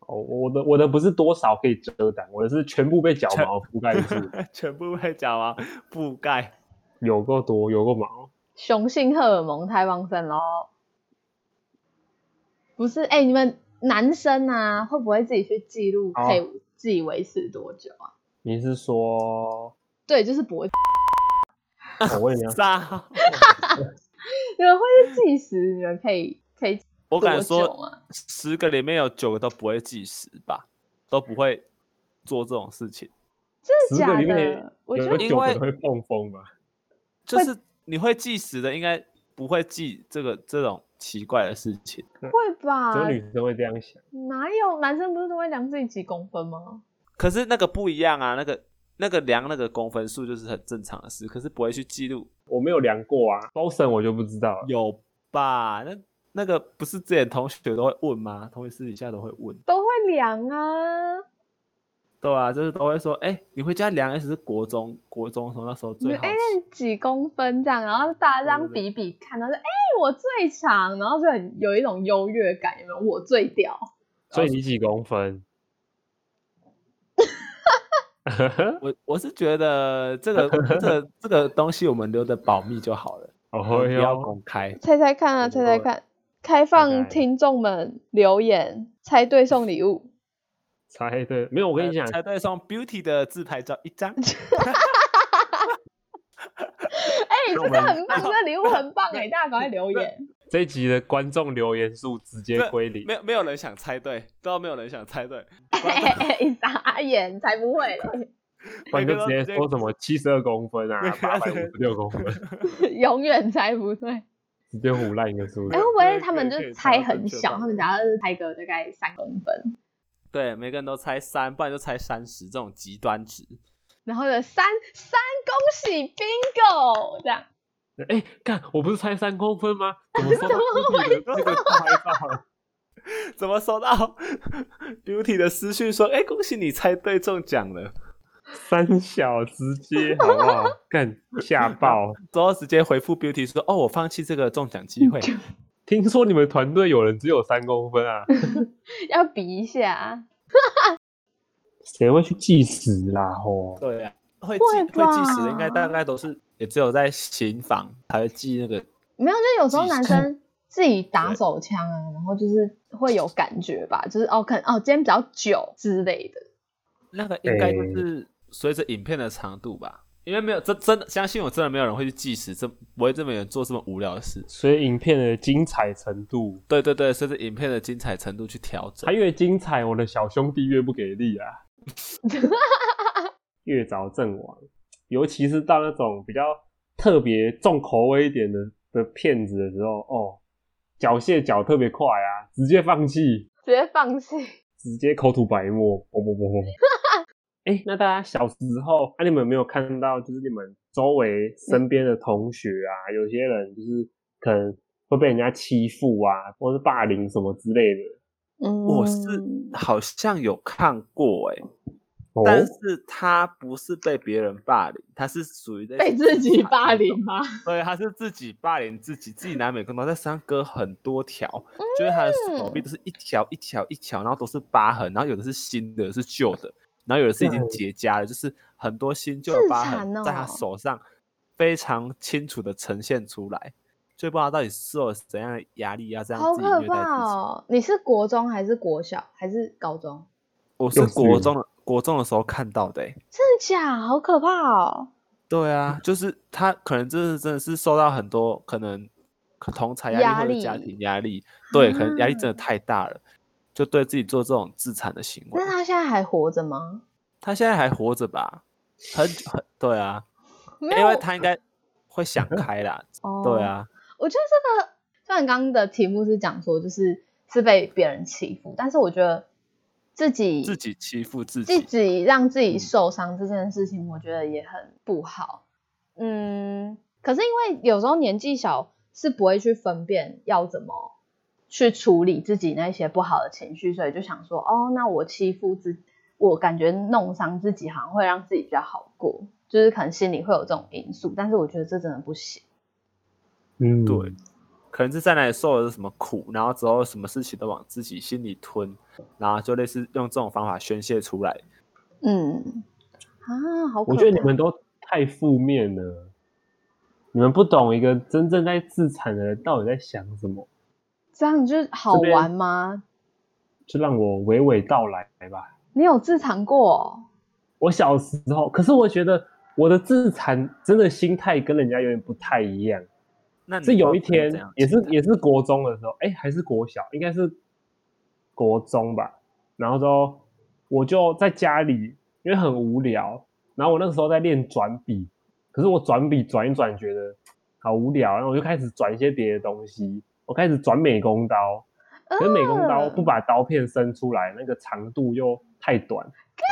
哦。我的我的不是多少可以遮擋，我的是全部被腳毛覆蓋住全。全部被腳毛覆蓋， 有夠多，有夠毛。雄性荷爾蒙太旺盛嘍。不是，哎、欸，你們。男生啊，會不會自己去記錄可以自己維持多久啊、哦？你是說？對，就是不會。 哦、我也沒有。啥 有會計時，你們可以可以。可以啊、我敢說，十個裡面有九個都不會計時吧？都不會做這種事情。這是假的？我覺得九個會放風啊就。就是你會計時的，應該不會計這個這種。奇怪的事情，會吧？怎麼女生會這樣想？哪有男生不是都會量自己幾公分嗎？可是那個不一樣啊，那個那個量那個公分數就是很正常的事，可是不會去記錄。我沒有量過啊，高省我就不知道了。有吧？那那個不是之前同學都會問嗎？同學私底下都會問，都會量啊。對啊，就是都會說，哎、欸，你回家量，還是國中國中的時候那時候最好奇、哎、幾公分這樣，然後大家這樣比比看，到說，哎。欸我最長然後就很有一種優越感，有沒有？我最屌。所以你幾公分？ 我我是覺得這個 這個、這個東西我們留的保密就好了，哦，不要公開。猜猜看啊，猜猜看，嗯、開放聽眾們留言，Okay. 猜對送禮物。猜對沒有？我跟你講，猜對送 Beauty 的自拍照一張。 這個很棒， 這個禮物很棒哎，欸！ 大家趕快留言。這一集的觀眾留言數直接歸零，沒有沒有人想猜對，都沒有人想猜對。一眨，欸欸欸，眼才不會，反正直接說什麼七十二公分啊，八百五十六公分，對 永遠猜不對，直接胡亂一個數字。哎，欸，會不會他們就猜很小，他們想要猜個大概三公分。對，每個人都猜三，不然就猜三十這種極端值。然後呢，三三，恭喜 Bingo 這樣。哎，幹！我不是猜三公分嗎？怎麼收到 Beauty 的私訊，怎麼到 Beauty 的私訊說，哎，恭喜你猜對中獎了，三小直接好不好？幹，嚇爆！然後直接回復 Beauty 說， 哦，我放棄這個中獎機會。 聽說你們團隊有人只有三公分啊？ 要比一下， 誰會去計時啦吼？哦，對呀、啊，會計會計時的應該大概都是。也只有在琴房才會記那個，沒有，就有時候男生自己打手槍啊，對然後就是會有感覺吧，就是哦，可能哦，今天比較久之類的。那個應該就是隨着影片的長度吧，對因為沒有真真的相信我，真的沒有人會去計時，這不會這麼遠做這麼無聊的事。隨着影片的精彩程度，對對對，隨着影片的精彩程度去調整。他越精彩，我的小兄弟越不給力啊， 越早陣亡。尤其是到那種比較特別重口味一點的的片子的時候，哦，繳械繳特別快啊，直接放棄，直接放棄，直接口吐白沫，啵不不啵。哎，那大家小時候，那、啊、你們有沒有看到，就是你們週圍身邊的同學啊，嗯、有些人就是可能會被人家欺負啊，或是霸凌什麼之類的，嗯，我是好像有看過、欸，哎。但是他不是被別人霸凌，哦、他是屬於被自己霸凌嗎？對，所以他是自己霸凌自己， 自己拿美工刀在身上割很多條，嗯、就是他的手臂都是一條一條一條，然後都是疤痕，然後有的是新的，是舊的，然後有的是已經結痂了，對就是很多新舊的疤痕在他，的、哦、在他手上非常清楚的呈現出來，就不知道他到底受了怎樣的壓力，要這樣子虐待自己。好可怕哦！你是國中還是國小還是高中？我是國中的。國中的時候看到的。欸，真的假？好可怕哦！對啊，就是他可能真的真的是受到很多可能同儕壓力或者家庭壓力，壓力，對，嗯、可能壓力真的太大了，就對自己做這種自殘的行為。那他現在還活着嗎？他現在還活着吧？很久很，很對啊，因為有他應該會想開啦。對啊、哦，我覺得這個雖然剛剛的題目是講說就是是被別人欺負，但是我覺得。自己自己欺負自己，自己讓自己受傷這件事情，我覺得也很不好。嗯，嗯，可是因為有時候年紀小，是不會去分辨要怎麼去處理自己那些不好的情緒，所以就想說，哦，那我欺負自己，我感覺弄傷自己好像會讓自己比較好過，就是可能心裡會有這種因素，但是我覺得這真的不行。嗯，對。可能是在哪裡受了什麼苦，然後之後什麼事情都往自己心裡吞，然後就類似用這種方法宣洩出來。嗯，啊，好，我覺得你們都太負面了，你們不懂一個真正在自殘的人到底在想什麼。這樣就好玩嗎？這就讓我娓娓道來吧。你有自殘過？我小時候，可是我覺得我的自殘真的心態跟人家有點不太一樣。那是有一天，也是也是，也是國中的時候，哎、欸，還是國小，應該是國中吧。然後之後我就在家裡，因為很無聊，然後我那個時候在練轉筆，可是我轉筆轉一轉覺得好無聊，然後我就開始轉一些別的東西，我開始轉美工刀，可是美工刀不把刀片伸出來，呃、那個長度又太短，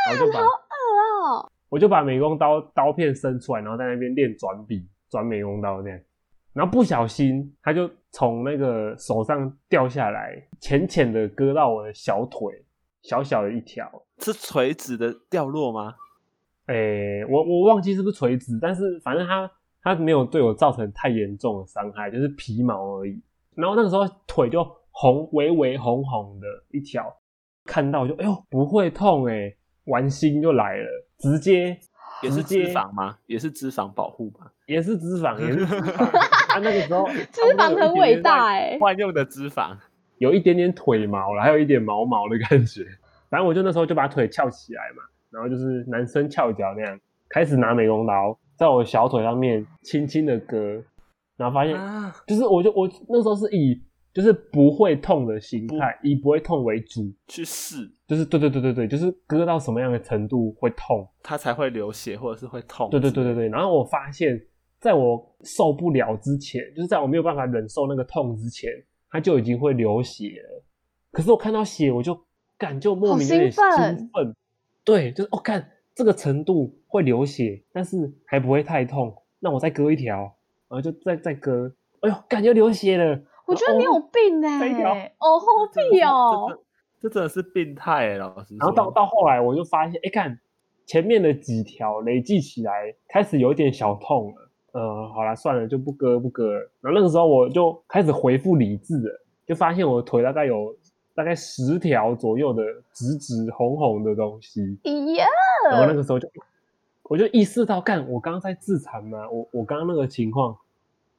然後我就把，呃喔、我就把美工刀刀片伸出來，然後在那邊練轉筆，轉美工刀這樣。然後不小心，他就從那個手上掉下來，淺淺的割到我的小腿，小小的一條。是垂直的掉落嗎？哎、欸，我我忘記是不是垂直，但是反正他他沒有對我造成太嚴重的傷害，就是皮毛而已。然後那個時候腿就紅，微微紅紅的一條，看到就哎呦，不會痛哎，玩心就來了，直接，直接。也是脂肪嗎？也是脂肪保護吧？也是脂肪，也是脂肪。 他、 啊、那個時候 脂肪很偉大哎，萬用的脂肪，有一點點腿毛了，還有一點毛毛的感覺。然後我就那時候就把腿翹起來嘛，然後就是男生翹腳那樣，開始拿美工刀在我小腿上面輕輕的割，然後發現、啊、就是我就我那時候是以就是不會痛的心態，不以不會痛為主去試，就是對對對對對，就是割到什麼樣的程度會痛，它才會流血或者是會痛是是。對對對對對，然後我發現。在我受不了之前，就是在我沒有辦法忍受那個痛之前，它就已經會流血了。可是我看到血，我就感就莫名有點興奮。興對，就是哦，看這個程度會流血，但是還不會太痛。那我再割一條，然後就再再割。哎呦，感覺流血了。我覺得你有病耶！一條、啊、哦，好屁哦，這真的是病態老師。然後到到後來，我就發現，哎、欸、看前面的幾條累積起來，開始有一點小痛了。呃、嗯，好了，算了，就不割不割了。然後那個時候我就開始恢復理智了，就發現我腿大概有大概十條左右的直直紅紅的東西。咦呀！然後那個時候就我就意識到，幹，我剛剛在自殘嗎？我我剛剛那個情況，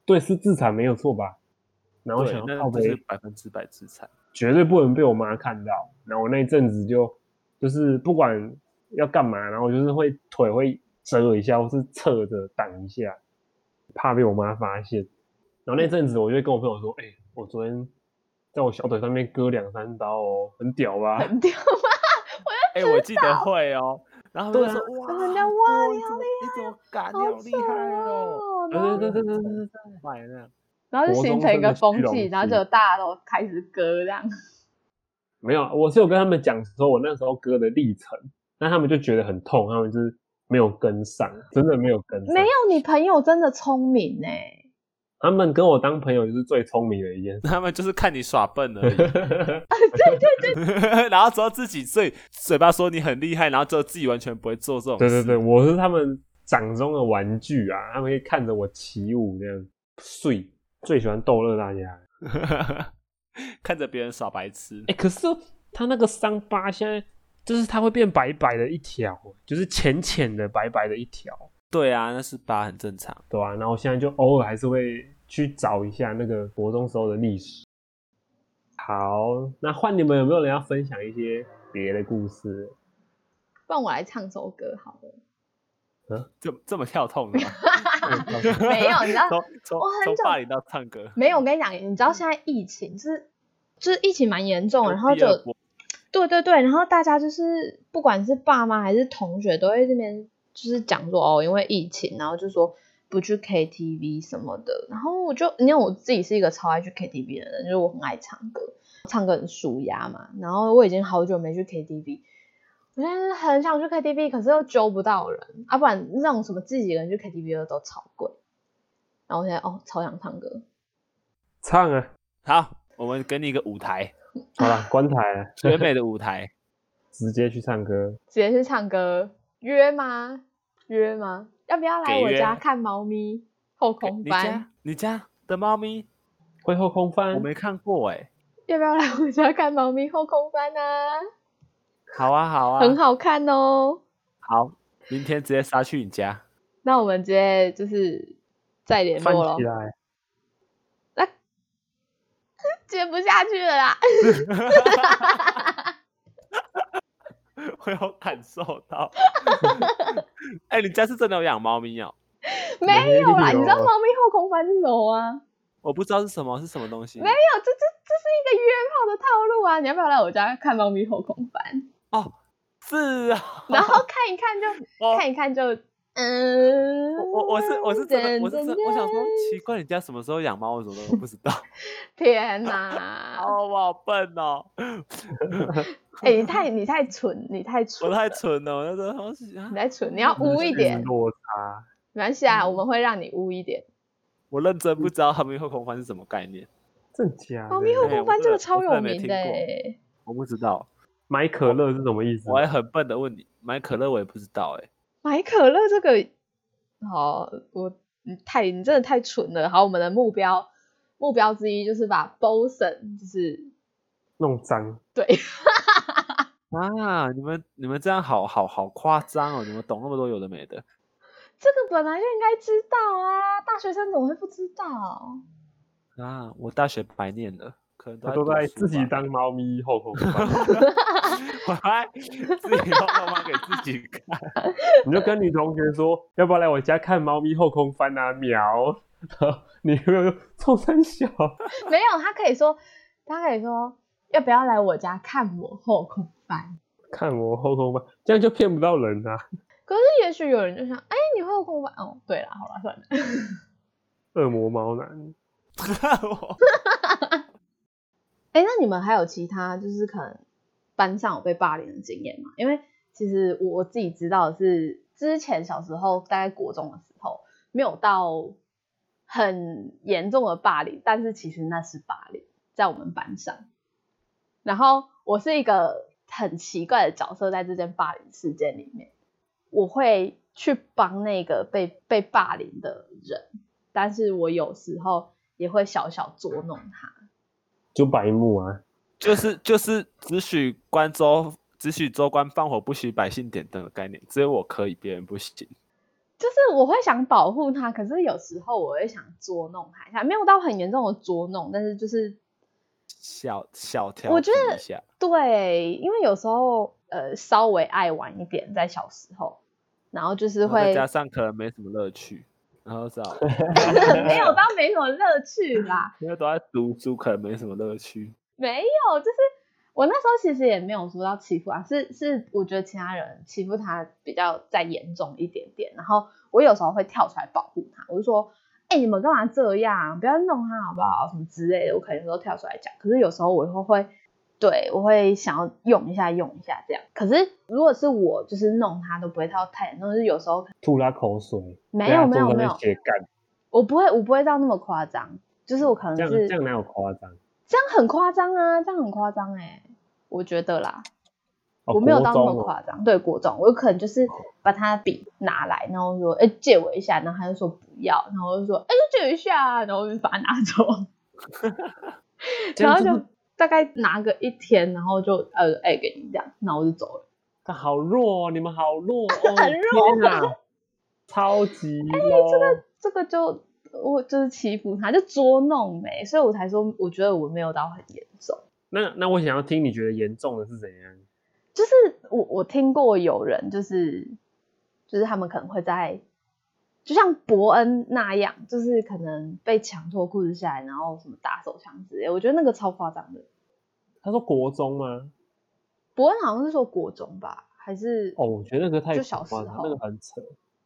對，是自殘沒有錯吧？然後想，那不是百分之百自殘，絕對不能被我媽看到。Yeah. 然後我那一陣子就就是不管要幹嘛，然後我就是會腿會折一下，或是側着擋一下。怕被我媽發現，然後那陣子我就跟我朋友說：“哎，我昨天在我小腿上面割兩三刀哦，很屌吧？”很屌吧？我又哎，我記得會哦。然後他們說：“哇，人家哇，你好厲害，你好厲害哦！”對對對對對對，那樣。然後就形成一個風氣，然後就大家都開始割這樣。沒有，我是有跟他們講說我那時候割的歷程，那他們就覺得很痛，他們就是。沒有跟上，真的沒有跟上。沒有，你朋友真的聰明呢，他們跟我當朋友就是最聰明的一件事。他們就是看你耍笨的、 啊，對對對， 然後之後自己最嘴巴說你很厲害，然後之後自己完全不會做這種。對對對，我是他們掌中的玩具啊，他們可以看着我起舞樣 Sweet, 那樣，睡，最喜歡逗樂大家，看着別人耍白痴。哎、欸，可是他那個傷疤現在。就是它會變白白的一條，就是淺淺的白白的一條。對啊，那是疤很正常，對啊，然後我現在就偶爾還是會去找一下那個國中時候的歷史。好，那換你們有沒有人要分享一些別的故事？不然我來唱首歌好了，好的、啊。這這麼跳痛的？ 沒有，你知道，我從、從、從霸凌到唱歌。沒有，我跟你講，你知道現在疫情是，就是疫情蠻嚴重，然後就。對對對，然後大家就是不管是爸媽還是同學，都會這邊就是講說哦，因為疫情，然後就說不去 KTV 什麼的。然後我就，因為我自己是一個超愛去 KTV 的人，就是我很愛唱歌，唱歌很舒壓嘛。然後我已經好久沒去 KTV，我現在是很想去 KTV，可是又揪不到人啊，不然那種什麼自己一個人去 KTV 都，都超貴。然後我現在哦，超想唱歌，唱啊！好，我們給你一個舞台。好了，關台了，最美、啊、的舞台， 直接去唱歌，直接去唱歌，約嗎？約嗎？要不要來我家看貓咪後空翻、欸？你家，你家的貓咪會後空翻？我沒看過哎、欸。要不要來我家看貓咪後空翻呢、啊？好啊，好啊，好啊，很好看哦。好，明天直接殺去你家。 那我們直接就是再聯絡了。接不下去了啦， 我有感受到。哎、 欸，你家是真的有養貓咪嗎、哦？沒有啦，有你知道貓咪後空翻是什麼嗎、啊？我不知道是什麼，是什麼東西？沒有，這這這是一個約炮的套路啊！你要不要來我家看貓咪後空翻？哦，是啊，然後看一看就、哦、看一看就。嗯，我我我是我是真的我是的我想說奇怪，你家什麼時候養貓？我怎麼都不知道。 天哪， oh, 我好笨哦！哎 欸，你太你太蠢，你太蠢，我太蠢了。我真的好想，你太蠢，你要污一點抹茶。沒關係啊，嗯、我們會讓你污一點。我認真不知道貓咪後空翻是什麼概念，嗯、真假的？貓咪後空翻這個超有名的，對我不知道買可樂是什麼意思。我還很笨的問你買可樂，我也不知道哎、欸。買可樂這個，好，我你太你真的太蠢了。好，我們的目標目標之一就是把 Boson 就是弄髒髒。對，哈哈哈。啊，你們你們這樣好好好誇張哦！你們懂那麼多有的沒的？這個本來就應該知道啊，大學生怎麼會不知道？啊，我大學白念了。他都，都在自己當貓咪後空翻，自己後空翻給自己看。 你就跟女同學說，要不要來我家看貓咪後空翻啊？喵！你會用臭三小 ？沒有，他可以說，他可以說，要不要來我家看我後空翻？看我後空翻，這樣就騙不到人啊。 可是也許有人就想，哎、欸，你後空翻？哦，對啦，好了，算了。惡魔貓男。 誒，那你們還有其他就是可能班上有被霸凌的經驗嗎？因為其實我我自己知道的是之前小時候大概國中的時候，沒有到很嚴重的霸凌，但是其實那是霸凌在我們班上。然後我是一個很奇怪的角色在這件霸凌事件裡面，我會去幫那個被被霸凌的人，但是我有時候也會小小捉弄他。就白目啊！就是就是，就是，只許官州只許州官放火，不許百姓點燈的概念，只有我可以，別人不行。就是我會想保護他，可是有時候我會想捉弄他，他沒有到很嚴重的捉弄，但是就是小小挑戰一下，我覺得。對，因為有時候呃稍微愛玩一點，在小時候，然後就是會再加上可能沒什麼樂趣。然後找， 沒有，當然沒什麼樂趣啦。因為都在讀書，讀可能沒什麼樂趣。沒有，就是我那時候其實也沒有說到欺負啊，是是，我覺得其他人欺負他比較再嚴重一點點。然後我有時候會跳出來保護他，我就說：“哎、欸，你們幹嘛這樣？不要弄他好不好？什麼之類的，我可能都跳出來講。”可是有時候我以後會。對，我會想要用一下，用一下這樣。可是如果是我，就是弄它都不會到太嚴重，那就是有時候吐了口水，沒有沒有沒有，我不會我不會到那麼誇張，就是我可能是這樣這樣哪有誇張？這樣，誇張這樣很誇張啊，這樣很誇張哎，我覺得啦，哦、我沒有到那麼誇張，對國中，我可能就是把他的筆拿來，然後說哎、欸、借我一下，然後他就說不要，然後我就說哎、欸、借一下，然後我就把它拿走， 然後就。大概拿個一天，然後就呃，哎、欸，給你這樣，那我就走了。他好弱哦，你們好弱 哦，很弱、啊、 超級。哎、欸，這個這個就我就是欺負他，就捉弄沒，所以我才說我覺得我沒有到很嚴重。那那我想要聽你覺得嚴重的是怎樣？就是我我聽過有人就是就是他們可能會在。就像博恩那樣，就是可能被強拖褲子下來，然後什麼打手槍之類，我覺得那個超誇張的。他說國中嗎？博恩好像是說國中吧，還是哦，我覺得那個太誇張。就小時候。那個很扯。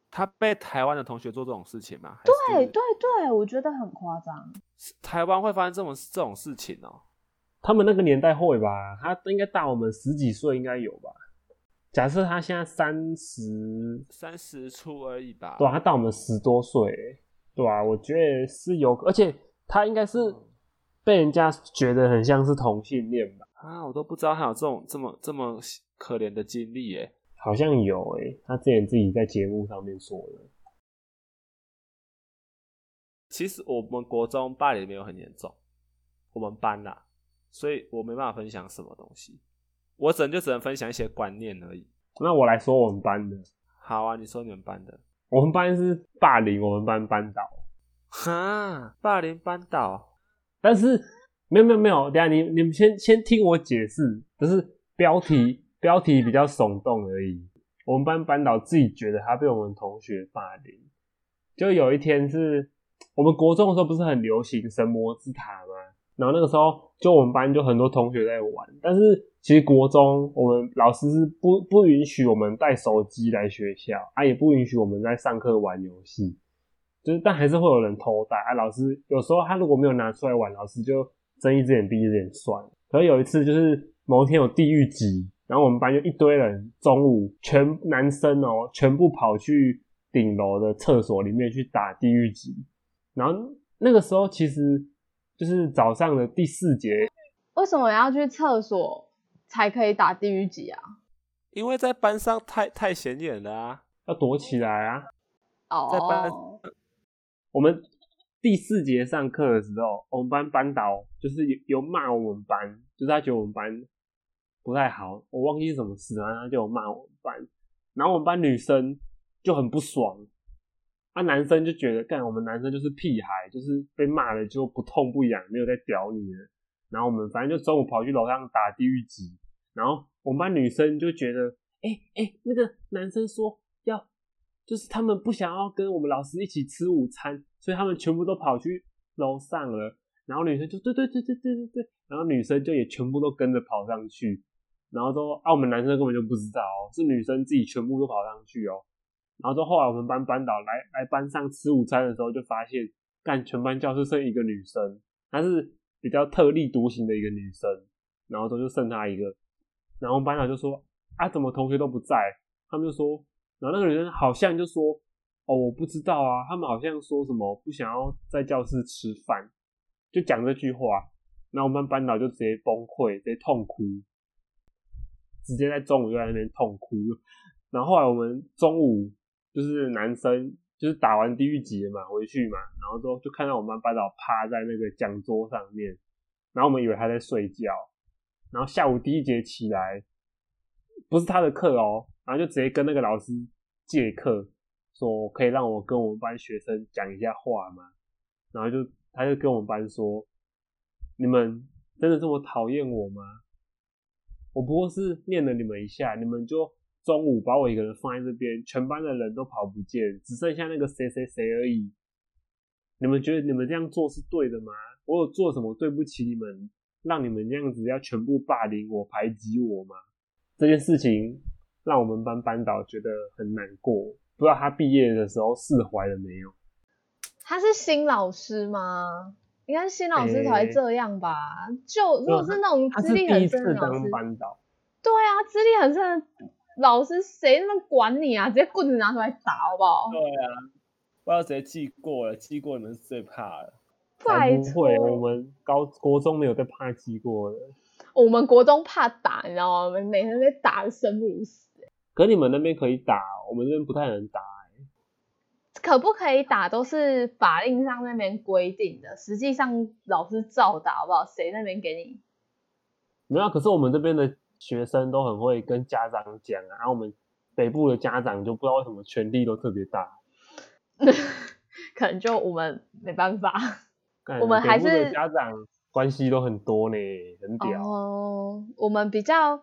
他被台灣的同學做這種事情嗎？是就是、對對對，我覺得很誇張。台灣會發生這種這種事情哦、喔？他們那個年代會吧？他應該大我們十幾歲，應該有吧？假設他現在三十三十出而已吧，對、啊、他到我們十多歲，對啊，我覺得是有，而且他應該是被人家覺得很像是同性戀吧？嗯、啊，我都不知道還有這種這麼這麼可憐的經歷，哎，好像有，哎，他之前自己在節目上面說的。其實我們國中霸凌沒有很嚴重，我們班吶、啊，所以我沒辦法分享什麼東西。我只能就只能分享一些觀念而已。那我來說我們班的。好啊，你說你們班的。我們班是霸凌我們班班導。哈，霸凌班導。但是沒有沒有沒有，等下你你們先先聽我解釋，只是標題標題比較聳動而已。我們班班導自己覺得他被我們同學霸凌。就有一天是我們國中的時候，不是很流行神魔之塔嗎？然後那個時候，就我們班就很多同學在玩，但是其實國中我們老師是不不允許我們帶手機來學校，啊，也不允許我們在上課玩遊戲，就是但還是會有人偷帶啊。老師有時候他如果沒有拿出來玩，老師就睜一只眼閉一只眼算了。可是有一次，就是某一天有地獄級，然後我們班就一堆人中午全男生哦，全部跑去頂樓的廁所裡面去打地獄級，然後那個時候其實。就是早上的第四節，為什麼要去廁所才可以打地獄級啊？因為在班上太太顯眼了啊，要躲起來啊。哦班，在班、oh. 我們第四節上課的時候，我們班班導就是有有罵我們班，就是他覺得我們班不太好，我忘記什麼事了，他就罵我們班，然後我們班女生就很不爽。那、啊、男生就覺得，幹，我們男生就是屁孩，就是被罵了就不痛不癢，沒有再屌你了。然後我們反正就中午跑去樓上打地獄級。然後我們班女生就覺得，哎、欸、哎、欸，那個男生說要，就是他們不想要跟我們老師一起吃午餐，所以他們全部都跑去樓上了。然後女生就對，對對對對對對對，然後女生就也全部都跟着跑上去。然後說，啊，我們男生根本就不知道、喔，是女生自己全部都跑上去哦、喔。然後就後來，我們班班導來來班上吃午餐的時候，就發現，幹全班教室剩一個女生，她是比較特立獨行的一個女生。然後就剩她一個，然後班導就說：“啊，怎麼同學都不在？”他們就說：“然後那個女生好像就說：‘哦，我不知道啊。’他們好像說什麼不想要在教室吃飯，就講這句話。然後我們班班導就直接崩潰，直接痛哭，直接在中午就在那邊痛哭。然後後來我們中午。”就是男生就是打完第一節嘛，回去嘛，然後就就看到我們班班長趴在那個講桌上面，然後我們以為他在睡覺，然後下午第一節起來，不是他的課哦，然後就直接跟那個老師借課，說可以讓我跟我們班學生講一下話嗎？然後就他就跟我們班說，你們真的這麼討厭我嗎？我不過是念了你們一下，你們就。中午把我一個人放在這邊，全班的人都跑不見，只剩下那個誰誰誰而已。你們覺得你們這樣做是對的嗎？我有做什麼對不起你們，讓你們這樣子要全部霸凌我、排擠我嗎？這件事情讓我們班班導覺得很難過，不知道他畢業的時候釋懷了沒有？他是新老師嗎？應該是新老師才會這樣吧？欸、就如果是那種資歷很深的老師，他是第一次當班導。對啊，資歷很深。老師誰那麼管你啊？直接棍子拿出來打，好不好？對啊，不要直接記過了，記過你們是最怕的。拜託，我們高國中沒有被怕記過的。我們國中怕打，你知道嗎？我們每天被打的生不如死。可你們那邊可以打，我們這邊不太能打，欸、可不可以打都是法令上那邊規定的，實際上老師照打，好不好？誰那邊給你？沒有啊，可是我們這邊的。學生都很會跟家長講啊，然後我們北部的家長就不知道為什麼權力都特別大， 可能就我們沒辦法。我們還是北部的家長關係都很多呢，很屌哦。我們比較，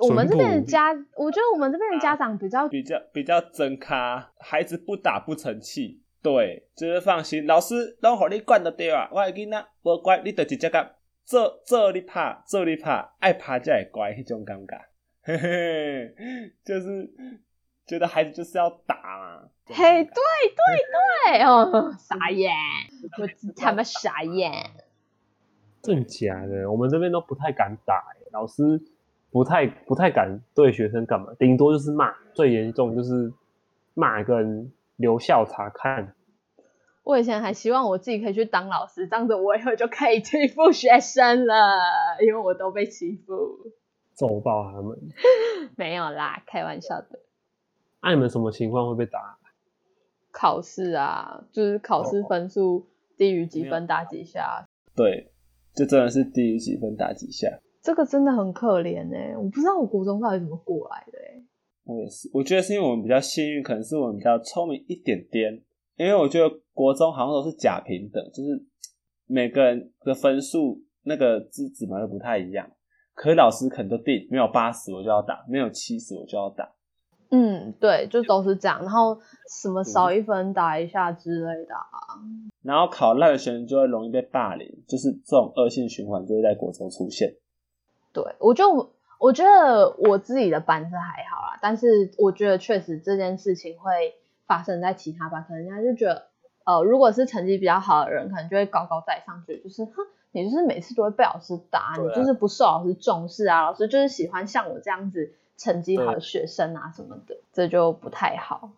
我們這邊的家，我覺得我們這邊的家長比較、啊、比較比較真咖，孩子不打不成器，對，就是放心，老師會兒你管到滴話，我的囡仔不乖，你得直接講。這這裡怕這裡怕愛怕就會乖，那種感覺。 就是覺得孩子就是要打嘛。嘿，對對對，哦，傻眼，我 他媽傻眼，真假的？我們這邊都不太敢打，老師不太不太敢對學生幹嘛，頂多就是罵，最嚴重就是罵人留校察看。我以前還希望我自己可以去當老師，這樣子我以後就可以欺負學生了，因為我都被欺負，揍爆他們。 沒有啦，開玩笑的。那、啊、你們什麼情況會被打？考試啊，就是考試分數、哦、低於幾分有打幾下。對，這真的是低於幾分打幾下。這個真的很可憐哎、欸，我不知道我國中到底怎麼過來的、欸、我也是，我覺得是因為我們比較幸運，可能是我們比較聰明一點點。因為我覺得國中好像都是假平等，就是每個人的分數那個資質嘛，都不太一樣，可是老師可能都定沒有八十我就要打，沒有七十我就要打。嗯，對，就都是這樣，然後什麼少一分打一下之類的啊。嗯，然後考爛的學生就會容易被霸凌，就是這種惡性循環就會在國中出現。對，我就我覺得我自己的班是還好啦，但是我覺得確實這件事情會。發生在其他班，可能人家就覺得，呃，如果是成績比較好的人，可能就會高高在上去，就是哼，你就是每次都會被老師打，啊、你就是不受老師重視啊，老師就是喜歡像我這樣子成績好的學生啊什麼的，對這就不太好。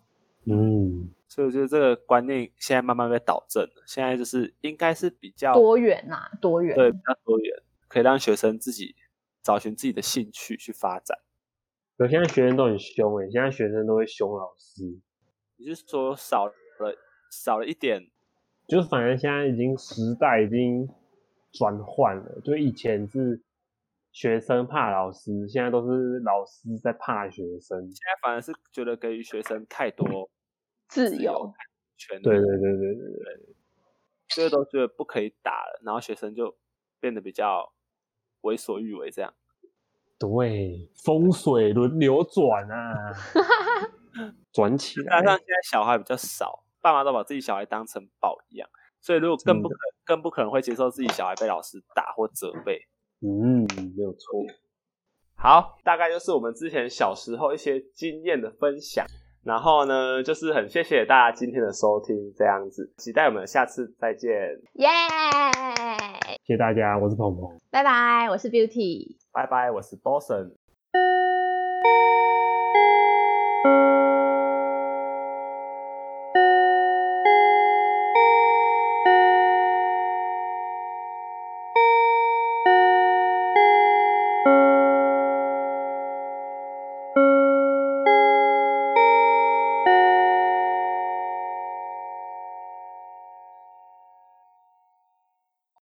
嗯，所以我覺得這個觀念現在慢慢被導正了，現在就是應該是比較多元吶、啊，多元，對，比較多元，可以讓學生自己找尋自己的興趣去發展。嗯、現在學生都很凶哎、欸，現在學生都會凶老師。就是說少了少了一點，就是反正現在已經時代已經轉換了，就以前是學生怕老師，現在都是老師在怕學生，現在反而是覺得給予學生太多自由權，對對對對對對，所以都覺得不可以打了，然後學生就變得比較為所欲為這樣，對，風水輪流轉啊。 轉起來。加上現在小孩比較少，爸媽都把自己小孩當成寶一樣，所以如果更不可的更不可能會接受自己小孩被老師打或責備嗯。嗯，沒有錯。好，大概就是我們之前小時候一些經驗的分享。然後呢，就是很謝謝大家今天的收聽，這樣子，期待我們下次再見。耶！Yeah! 謝謝大家，我是芃芃。拜拜，我是 Beauty。拜拜，我是 Boson。嗯